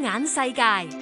眼世界。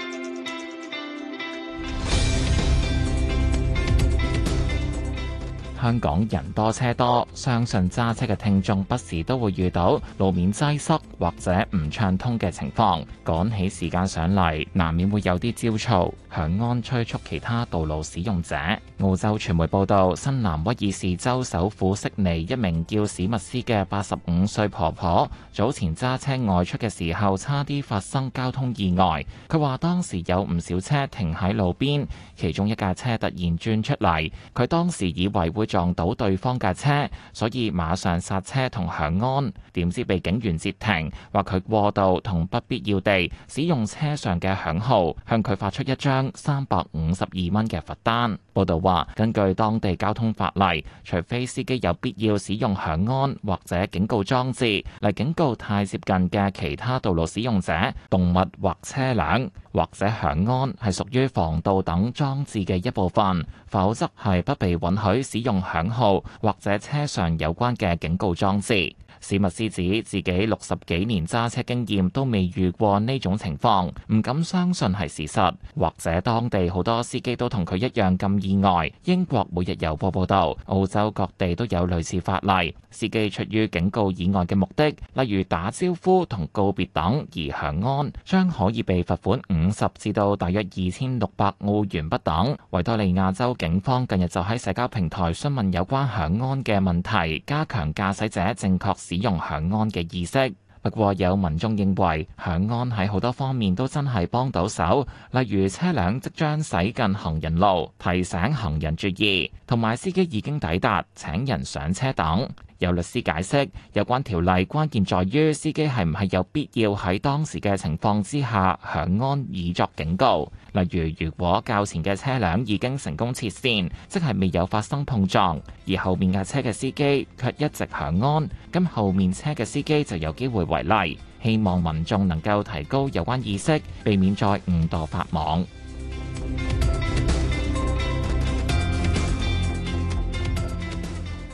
香港人多車多，相信揸車嘅聽眾不時都會遇到路面擠塞或者唔暢通嘅情況，趕起時間上嚟，難免會有啲焦躁。響安催促其他道路使用者。澳洲傳媒報道，新南威爾士州首府悉尼一名叫史密斯嘅八十五歲婆婆，早前揸車外出嘅時候，差啲發生交通意外。佢話當時有唔少車停喺路邊，其中一架車突然轉出嚟，佢當時以為會。撞到對方架車，所以馬上剎車同響安，點知被警員截停，話佢過度同不必要地使用車上嘅響號，向佢發出一張三百五十二蚊嘅罰單。報道話，根據當地交通法例，除非司機有必要使用響安或者警告裝置嚟警告太接近嘅其他道路使用者、動物或車輛，或者響安係屬於防盜等裝置嘅一部分，否則係不被允許使用。響號或者車上有關嘅警告裝置。史密斯指自己六十幾年揸車經驗都未遇過呢種情況，唔敢相信係事實，或者當地好多司機都同佢一樣咁意外。英國每日郵報報導，澳洲各地都有類似法例，司機出於警告以外嘅目的，例如打招呼同告別等而響安，將可以被罰款五十至到大約二千六百澳元不等。維多利亞州警方近日就喺社交平台詢問有關響安嘅問題，加強駕駛者正確使用響安嘅意識，不過有民眾認為響安喺好多方面都真係幫到手，例如車輛即將駛近行人路，提醒行人注意，同埋司機已經抵達，請人上車等。有律師解釋，有關條例關鍵在於司機係唔係有必要喺當時嘅情況之下響安以作警告。例如，如果較前嘅車輛已經成功切線，即係未有發生碰撞，而後面架車嘅司機卻一直響安，咁後面車嘅司機就有機會違例。希望民眾能夠提高有關意識，避免再誤墮法網。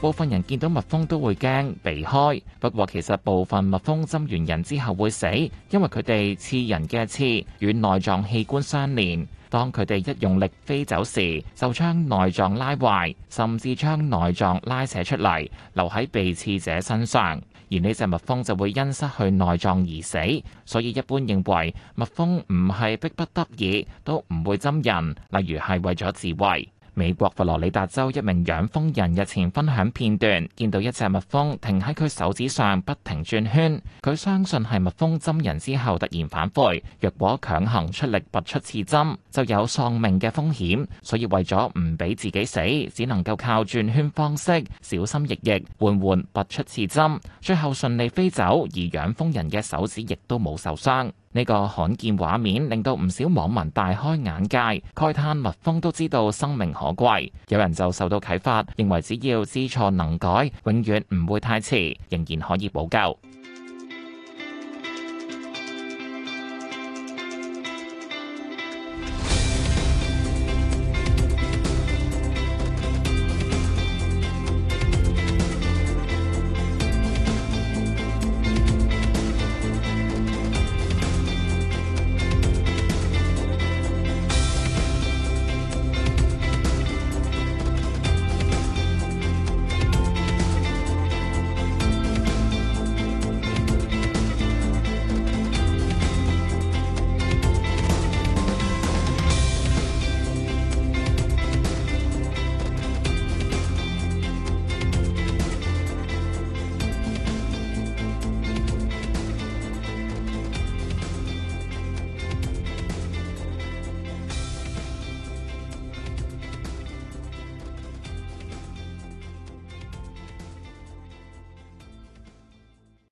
部分人見到蜜蜂都會驚，避開。不過其實部分蜜蜂針完人之後會死，因為佢哋刺人嘅刺與內臟器官相連，當佢哋一用力飛走時，就將內臟拉壞，甚至將內臟拉扯出嚟，留喺被刺者身上。而呢隻蜜蜂就會因失去內臟而死。所以一般認為蜜蜂唔係逼不得已都唔會針人，例如係為咗自衛。美國佛羅里達州一名養蜂人日前分享片段，見到一隻蜜蜂停喺佢手指上不停轉圈。佢相信係蜜蜂針人之後突然反悔，若果強行出力拔出刺針，就有喪命嘅風險。所以為咗唔俾自己死，只能夠靠轉圈方式，小心翼翼緩緩拔出刺針，最後順利飛走，而養蜂人嘅手指亦都冇受傷。呢個罕見畫面令到唔少網民大開眼界，慨嘆蜜蜂都知道生命可貴，有人就受到啟發，認為只要知錯能改，永遠唔會太遲，仍然可以補救。